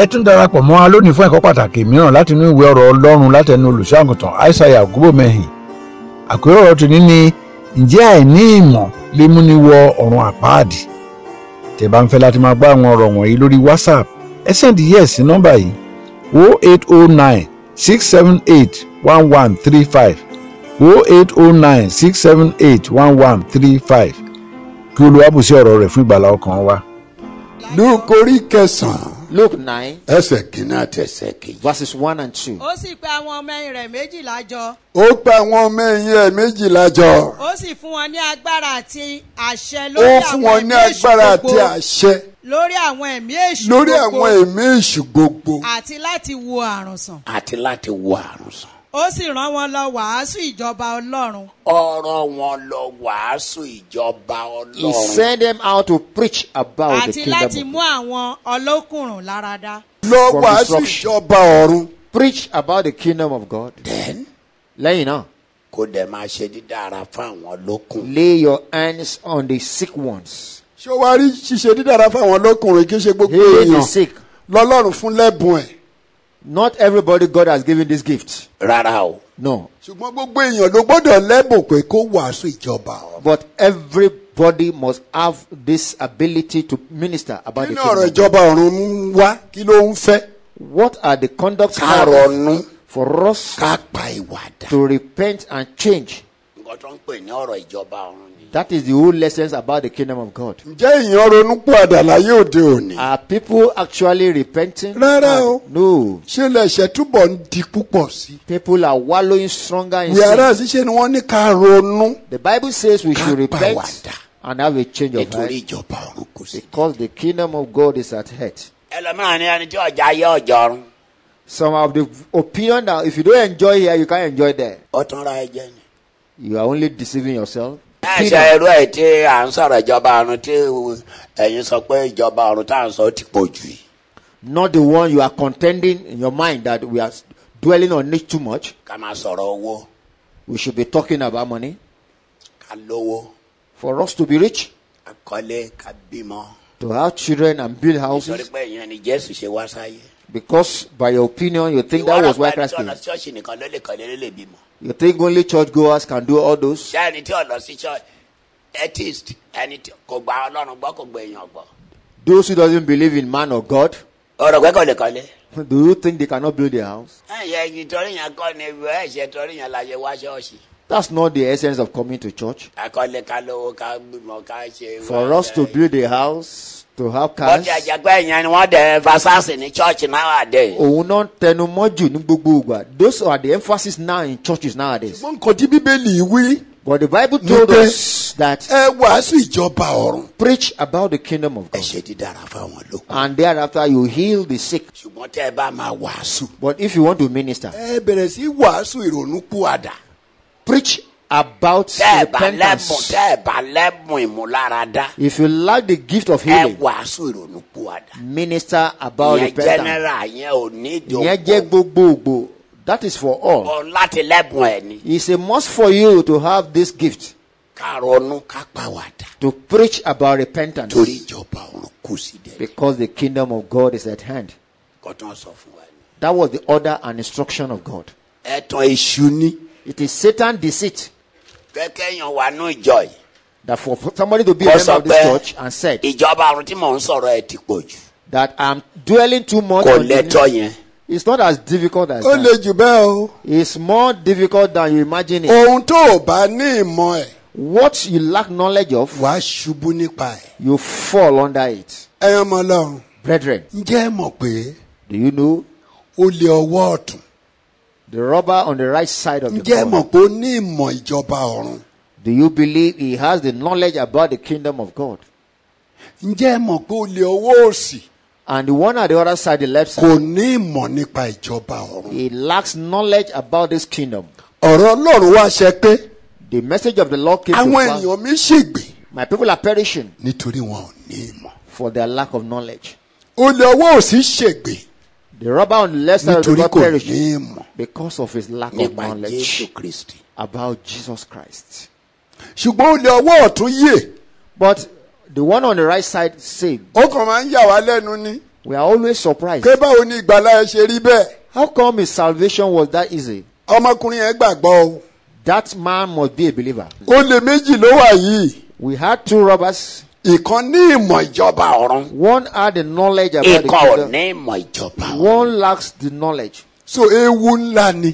ẹ tún darapọ̀ mọ́ wa lónìí fún ẹ̀kọ́ pàtàkì mìíràn láti inú ìwé ọ̀rọ̀ ọlọ́run látẹnu olùṣọ́àgùntàn aishaiya ògúbòmẹ́hìn àkórí ọ̀rọ̀ tòní ni ǹjẹ́ àìní ìmọ̀ lè múni wọ ọ̀run àpáàdì tẹ́ bá ń fẹ́ láti máa gbọ́ àwọn ọ̀rọ̀ wọ̀nyí lórí whatsapp ẹ sẹ́ndì nọ́mbà yìí 0809 678 kí wa. Luke nine. ẹsẹ̀ kìíní àti ẹsẹ̀ verses one and two. ó sì pe àwọn ọmọ ẹ̀yìn rẹ̀ méjìlá jọ. ó pe àwọn ọmọ ẹ̀yìn rẹ̀ méjìlá jọ. ó sì fún wọn ní agbára àti àṣẹ lórí àwọn ẹ̀mí èṣù gbogbo. ó fún wọn ní agbára àti àṣẹ. lórí àwọn ẹ̀mí èṣù gbogbo. lórí àwọn ẹ̀mí èṣù gbogbo. àti láti wo àrùn sàn. àti láti wo àrùn sàn ó sì rán wọn lọ wàásù ìjọba ọlọ́run. ọ̀rọ̀ wọn lọ wàásù ìjọba ọlọ́run. he sent them out to preach about Àti the kingdom. àti láti mú àwọn ọlọ́kùnrùn láradá. lọ wàásù ìjọba ọ̀run. preach about the kingdom of God. then. lẹ́yìn náà. kó dẹ̀ máa ṣe dídára fáwọn lókun. lay your hands on the sick ones. ṣé o wá rí ṣíṣe dídára fáwọn lókun rẹ̀ kí ṣe gbogbo èèyàn lọ́lọ́run fún lẹ́bùn ẹ̀. Not everybody God has given this gift. Rárá o. No. Ṣùgbọ́n gbogbo èèyàn ló gbọ́dọ̀ pé kó wàásù ìjọba. But everybody must have this ability to minister about the kingdom. Nínú ọ̀rọ̀ ìjọba ọ̀run ń wá kí ló ń fẹ́. What are the conduct patterns for us to repent and change? Nǹkan tó ń pè ní ọ̀rọ̀ ìjọba ọ̀run that is the whole lessons about the kingdom of God. Ǹjẹ́ láyé òde òní? Are people actually repenting? Rárá o. No. Ṣé lẹ̀ṣẹ̀ túbọ̀ ń di púpọ̀ sí? People are wallowing stronger in sin. ni wọ́n ní ká ronú. The Bible says we should repent and have a change of heart. Nítorí ìjọba ọ̀run kò sí. Because the kingdom of God is at heart. ni ẹni tí ọjà yẹ ọjọ́ Some of the opinion that if you don't enjoy here, you can't enjoy there. Ọ̀tún ra ẹ̀jẹ̀ ni. You are only deceiving yourself ẹ ṣe irú ẹ tí à ń sọ̀rọ̀ ìjọba àrùn tí ẹ̀yin sọ pé ìjọba not the one you are contending in your mind that we are dwelling on it too much. we should be talking about money. for us to be rich. to have children and build houses because by your opinion you think you that was why Christ came. You think only churchgoers can do all those? Atheist, those who doesn't believe in man or God. Do you think they cannot build their house? That's not the essence of coming to church. For us to build a house, to have cars. bọ́tí àjàgbá ẹ̀yàn ni wọ́n dẹ̀ emphasize ní church nowadays. òun náà tẹnu mọ́ ní gbogbo ìgbà those are the emphasis now in churches nowadays. ṣùgbọ́n nǹkan tí bíbélì wí. But the Bible told Nube, us that uh, preach about the kingdom of God. And thereafter you heal the sick. But if you want to minister, preach about repentance. If you lack the gift of healing, minister about repentance. That is for all. It's a must for you to have this gift. To preach about repentance. Because the kingdom of God is at hand. That was the order and instruction of God. It is Satan deceit. kẹ́kẹ́yàn wà nù ìjọ yìí. that for somebody to be a member of this church and said. ìjọba àrùn tí mò ń sọ̀rọ̀ ẹ̀ ti pọ̀ jù. that I'm dwelling too much. kò lẹ́tọ̀ yẹn. It's not as difficult as that. le jù o. It's more difficult than you imagine it. Ohun tó o bá ní ìmọ̀ ẹ̀. What you lack knowledge of. Wàá ṣubú nípa ẹ̀. You fall under it. Ẹyàn ọmọ Ọlọ́run. Brethren. Ǹjẹ́ ẹ mọ̀ Do you know? Olè ọwọ́ ọ̀tún. The robber on the right side of the corner. Do you believe he has the knowledge about the kingdom of God? And the one at the other side, the left side, he lacks knowledge about this kingdom. The message of the Lord came to pass. My people are perishing for their lack of knowledge. The robber on left side of perish because of his lack of knowledge about Jesus Christ. But the one on the right side saved. We are always surprised. How come his salvation was that easy? That man must be a believer. We had two robbers. Ìkan ní ìmọ̀ ìjọba ọ̀run. One had the knowledge about Ìkan the kingdom. Ìkan ò ní ìmọ̀ ìjọba ọ̀run. One lacks the knowledge. So ewu ńlá ni.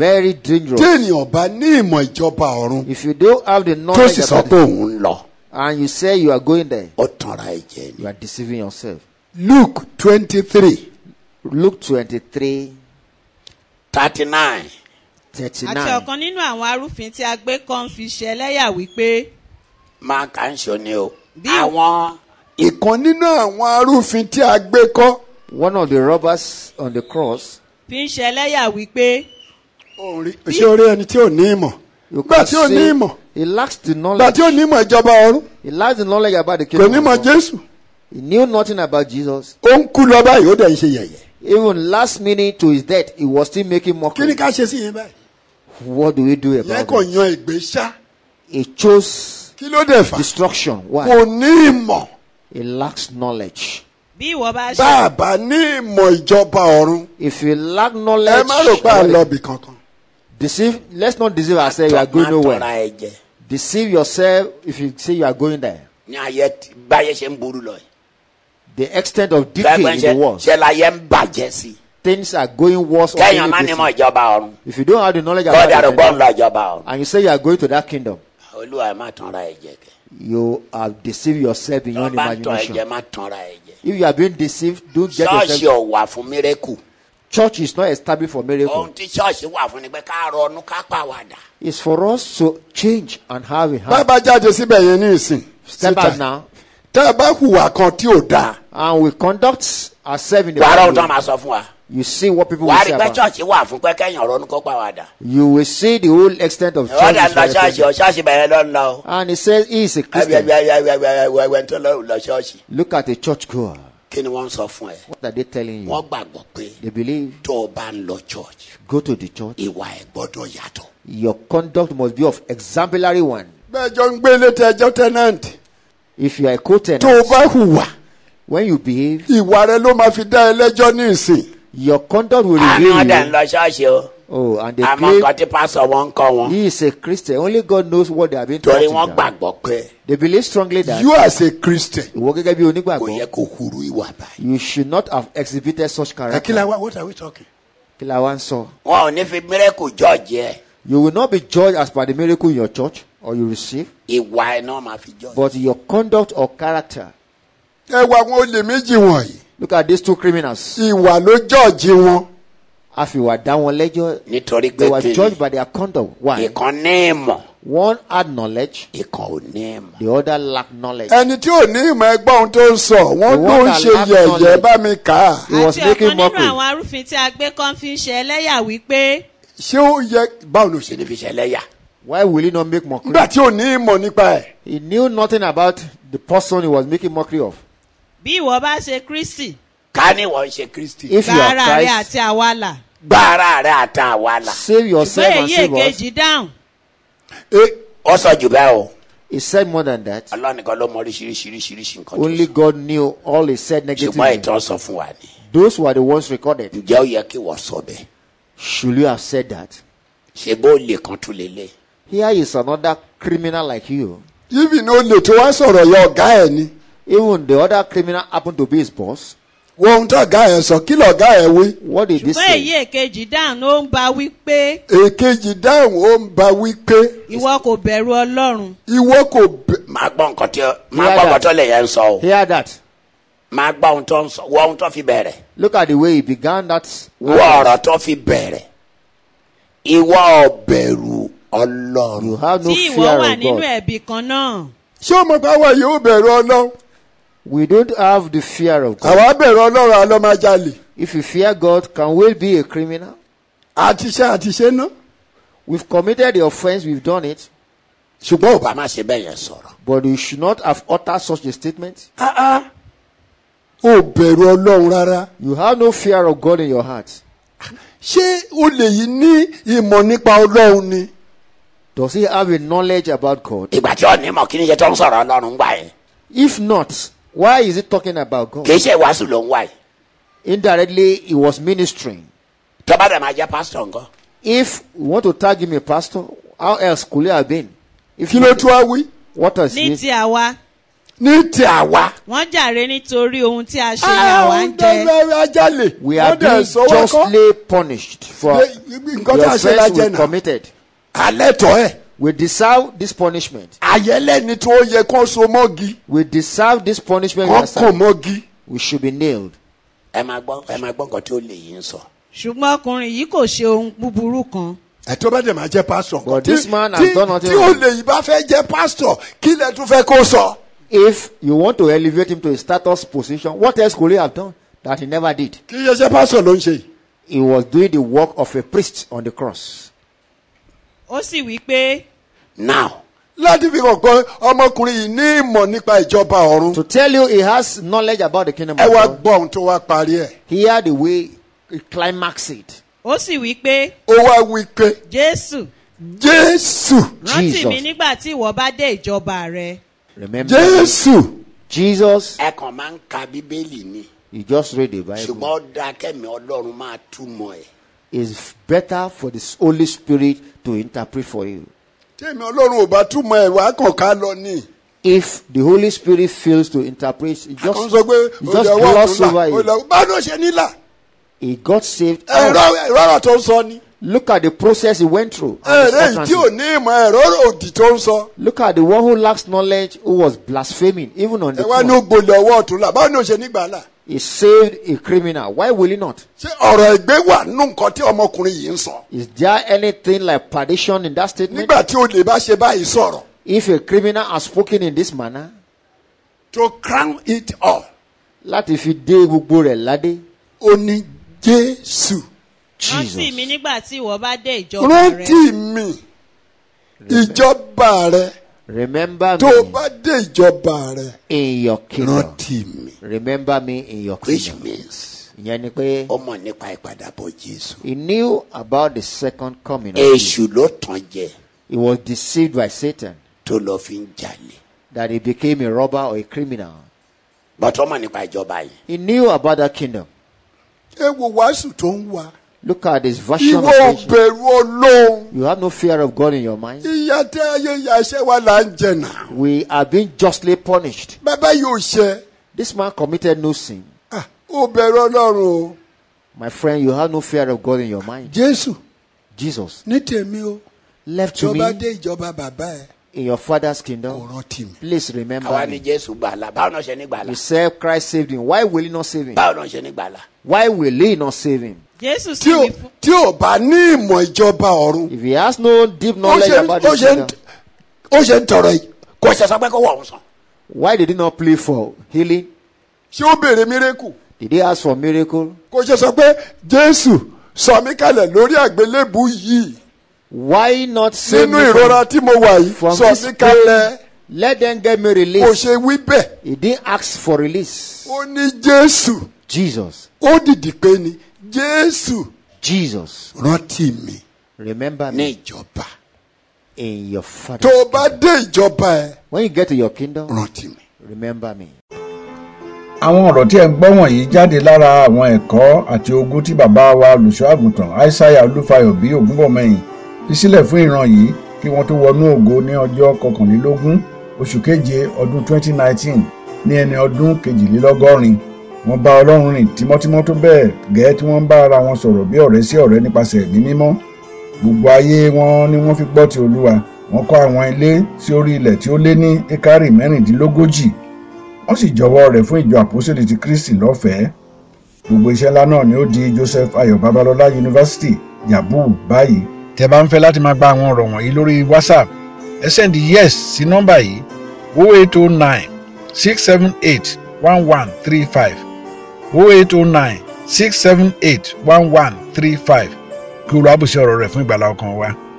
Very dangerous. Téèyàn bá ní ìmọ̀ ìjọba ọ̀run. If you don't have the knowledge about the. Tó sì sọ pé òun ń lọ. And you say you are going there. Ó tanra ẹ ni. You are deceiving yourself. Luke twenty-three. Luke twenty-three. thirty-nine. thirty-nine. àti ọ̀kan nínú àwọn arúfin tí a gbé kan fi ṣẹlẹ́yà wípé. máa kà ń ṣọ ni o àwọn. ìkan nínú àwọn arúfin tí a gbé kọ́. one of the robbers on the cross. fi ń ṣẹlẹ́yà wípé. ṣé orí ẹni tí ò ní ìmọ̀. gbà tí ò ní ìmọ̀. he lacks the knowledge. gbà tí ò ní ìmọ̀ ìjọba ọ̀run. he lacks the knowledge about the kingdom. kò ní mọ̀ jésù. he knew nothing about Jesus. ó ń kú lọ báyìí ó dẹ̀ ń ṣe yẹ̀yẹ̀. even last minute to his death he was still making mockery. kí ni ká ṣe sí yẹn báyìí. what do we do about it. yẹ kò yan ìgbésà. he chose kí ló dẹ̀ fà. destruction why. kò ní ìmọ̀. he lacks knowledge. bí ìwọ bá ṣe. bá ní ìmọ̀ ìjọba ọ̀run. if you lack knowledge. ẹ má rò pé à lọ bì kankan. deceive let's not deceive ourselves you are going nowhere. deceive yourself if you say you are going there. ní ayé báyé ṣe ń burú lọ. the extent of decay in the world. ṣe la ń bàjẹ́ sí things are going worse. kẹ́yìn ọ̀nà ni mo ìjọba ọ̀run. if you don't have the knowledge about it. kọ́ọ̀dà rẹ̀ gbọ́n lọ ìjọba ọ̀run. and you say you are going to that kingdom olúwa má tanra ẹ jẹ kẹ. you have deceived yourself in your own imagination. ọba tọ ẹjẹ má tanra ẹ jẹ. if you have been deceived don't get yourself. ṣọ́ọ̀ṣì ọ̀wà fún miracle. church is not established for miracle. ohun tí ṣọ́ọ̀ṣì wà fún ni pé ká ronú ká pàwàdà. it's for us to change and have a heart. bàbá jáde síbẹ̀ yẹn ní ìsìn. step out now. tẹ́ ẹ bá hùwà kan tí ò dáa. and we conduct ourselves in the right way. wàá rọ̀ ọ́ máa sọ fún wa. you see what people will say about church you will see the whole extent of church. and he says he is a christian. look at the church goer. what are they telling you. they believe. tó o bá church. go to the church. your conduct must be of exemplary one. if you are a co-tenant. when you behave. Your conduct will reveal. Àná dẹ̀ ń o. Oh, and they claim. Àmọ́ nǹkan tí pastor wọn kọ́ wọn. He is a Christian. Only God knows what they have been taught. Torí wọ́n gbàgbọ́ pé. They believe strongly that. You as a Christian. Ìwọ gẹ́gẹ́ bí onígbàgbọ́. Kò yẹ kó huru ìwà báyìí. You should not have exhibited such character. Kí la what are we talking? Kí la wá ń sọ? Wọn ò ní fi miracle judge yẹ. You will not be judged as per the miracle in your church or you receive. Ìwà ẹ̀ náà máa fi judge. But your conduct or character. Ẹ wá àwọn olè méjì wọ̀nyí. Look at these two criminals. Ìwà ló jọ́ọ̀jì wọn. A fi ìwà dá wọn lẹ́jọ́. Nítorí pé kìíní. They were judged by their conduct. Why? Ìkan ní ìmọ̀. One had knowledge. Ìkan ò ní ìmọ̀. The other lacked knowledge. Ẹni tí ò ní ìmọ̀ ẹgbọ́n ohun tó ń sọ, wọ́n ló ń ṣe yẹ̀yẹ́ bá mi kà á. He was making mockery. Àti ọ̀kan nínú àwọn arúfin tí a gbé kan fi ń ṣe ẹlẹ́yà wípé. Ṣé ó yẹ báwo ló ṣe ní fi ṣe ẹlẹ́yà? Why will he not make mockery? Nígbà tí ò ní ìmọ̀ nípa ẹ̀. He knew nothing about the person he was making mockery of. bí ìwọ bá ṣe kristi. ká ní ìwọ ń ṣe kristi. if you are christ gba rẹ àti àwa là. rẹ àti àwa save yourself and save us. ìwé èyí èkejì dáhùn. Eh, ó sọ jù bẹ́ẹ̀ o. He said more than that. Only God knew all he said negatively. Those were the ones recorded. Should you have said that? Here is another criminal like you. Even only to answer your guy even the other criminal happened to be his boss. wo ohun tí ọ̀gá yẹn sọ kí lọ̀gá yẹn wí. what did he say. ṣùgbọ́n èyí èkejì dáhùn ó ń ba wí pé. èkejì dáhùn ó ń ba wí pé. ìwọ kò bẹ̀rù ọlọ́run. ìwọ kò bẹ̀rù. máa gbọ́ nǹkan tí máa gbọ́ nǹkan tó lè yẹn sọ o. hear that. máa gbọ́ ohun tó ń sọ wọ ohun tó fi bẹ̀rẹ̀. look at the way he began that. wọ ọ̀rọ̀ tó fi bẹ̀rẹ̀. ìwọ ò bẹ̀rù ọlọ́run. you have no fear of God. tí ìwọ wà nínú ẹ̀bì kan náà. ṣé o mọ̀ pé àwa yóò bẹ̀rù ọlọ́run? we don't have the fear of God. àwa bẹ̀rù ọlọ́run a lọ máa jalè. if you fear God can we be a criminal. àtiṣe àtiṣe ná. we've committed the offence we've done it. ṣùgbọ́n òbá má ṣe bẹ́ẹ̀ yẹn sọ̀rọ̀. but you should not have uttered such a statement. ah ah o bẹ̀rù ọlọ́run rárá. you have no fear of God in your heart. ṣé olè yìí ní ìmọ̀ nípa ọlọ́run ni. does he have a knowledge about God. ìgbà tí ó ní mọ̀ kí ni iye tó ń sọ̀rọ̀ ọlọ́run gbà yẹn. if not Why is he talking about God? kì í why? Indirectly, he was ministering. If you want to tag him a pastor, how else could he have been? If you know to are we? What does ni mean? Nitiawa, ni ti ah, ń jẹ. àwọn je we are being justly punished for the offence we committed. alẹ́ tọ́ ẹ̀. We deserve this punishment. Ayẹlẹ́ni tí ó yẹ kó so mọ́gi. We deserve this punishment. Kọ́ kò mọ́gi. We should be nailed. Ẹ máa gbọ́ ẹ máa gbọ́ nǹkan tí ó lè yín sọ. Ṣùgbọ́n ọkùnrin yìí kò ṣe ohun búburú kan. Ẹ̀tọ́ bá dẹ̀ máa jẹ́ pásítọ̀. But this man has done nothing. Tí ó lè yìí bá fẹ́ jẹ́ pásítọ̀, kí lẹ tún fẹ́ kó sọ? If you want to elevate him to a status position, what else could he have done that he never did? Kí iye ṣe pásítọ̀ ló ń ṣe yìí? He was doing the work of a priest on the cross. ó sì wí pé. now láti fi hàn pé ọmọkùnrin yìí ní ìmọ̀ nípa ìjọba ọ̀run. to tell you he has knowledge about the kingdom of God. ẹ wá gbọ́ ohun tó wá parí ẹ̀. hear the way he climax it. ó sì wí pé. ó wá wí pé. jésù. jésù. rántí mi nígbà tí ìwọ bá dé ìjọba rẹ. remember jésù. jesus. ẹ kàn máa ń ka bíbélì ni. you just read the bible. ṣùgbọ́n ó ọlọ́run máa túmọ̀ ẹ̀. is better for the Holy Spirit to interpret for you. If the Holy Spirit fails to interpret, he just, just gloss over it. He got saved. Look at the process he went through. Look at the one who lacks knowledge who was blaspheming, even on the he saved a criminal why will he not. ṣé ọ̀rọ̀ ẹgbẹ́ wà nínú nǹkan tí ọmọkùnrin yìí ń sọ. is there anything like perdition in that statement. nígbà tí olè bá ṣe báyìí sọ̀rọ̀. if a criminal has spoken in this manner. to crown it all. láti fi dé gbogbo rẹ̀ ládé. ó ní jésù. jesus rántí mi nígbà tí ìwọ bá dé ìjọba rẹ. rántí mi ìjọba rẹ Remember me. dé rẹ. in your kingdom. remember me in your kingdom. which means. he knew about the second coming of Jesus. he was deceived by Satan. tó that he became a robber or a criminal. but he knew about that kingdom. tó Look at this version of patience. You have no fear of God in your mind. We are being justly punished. This man committed no sin. Ah, My friend, you have no fear of God in your mind. Jesus. Jesus. Left to me in your father's kingdom. Please remember. Me. You said Christ saved him. Why will he not save him? Why will he not save him? Jesus, sì wí fún. tí ò bá ní ìmọ̀ ìjọba if he has no deep knowledge about the kingdom. ó ṣe ń tọrọ yìí kò ṣe sọ kó wà òun sàn. why did he not plead for healing. ṣé ó béèrè miracle. did he ask for miracle. kò ṣe sọ pé sọ mí kalẹ̀ lórí àgbélébù yìí. why not save me from nínú ìrora tí mo wà yìí sọ mí kalẹ̀. let them get me released. kò ṣe wí bẹ́ẹ̀. he didn't ask for release. ó ní jésù. jesus. ó dìdì pé ni. Jésù. Jesus. Rántí mi. Remember me. Ní ìjọba. In your father. Tó o bá dé ìjọba ẹ. When you get to your kingdom. Rántí mi. Remember me. Àwọn ọ̀rọ̀ tí ẹ̀ ń gbọ́ wọ̀nyí jáde lára àwọn ẹ̀kọ́ àti ogún tí bàbá wa olùṣọ́àgùntàn Aishaiya Olúfayọ bí Ògúnbọ̀mọyìn fi sílẹ̀ fún ìran yìí kí wọ́n tó wọnú ògo ní ọjọ́ kọkànlélógún oṣù keje ọdún 2019 ní ẹni ọdún kejìlélọ́gọ́rin wọ́n bá ọlọ́run rìn tímọ́tímọ́ tó bẹ́ẹ̀ gẹ́ẹ́ tí wọ́n bá ara wọn sọ̀rọ̀ bí ọ̀rẹ́ sí ọ̀rẹ́ nípasẹ̀ ẹ̀mí mímọ́ gbogbo ayé wọn ni wọ́n fi gbọ́ ti olúwa wọ́n kọ́ àwọn ilé sí orí ilẹ̀ tí ó lé ní ekari mẹ́rìndínlógójì wọ́n sì jọ̀wọ́ rẹ̀ fún ìjọ àpòsílẹ̀ ti kristi lọ́fẹ̀ẹ́ gbogbo iṣẹ́ ńlá náà ni ó di joseph ayọ̀ babalọ́lá yunifásitì yabu báyìí tẹ́ bá ń fẹ́ láti máa gba àwọn ọ̀rọ̀ wọ̀nyí lórí whatsapp ẹ sẹ́ndì yes sí nọ́mbà yìí 08096781135. 0809 678 1135 kí olùwàbùsí ọ̀rọ̀ rẹ̀ fún ìgbàlá ọkàn wa.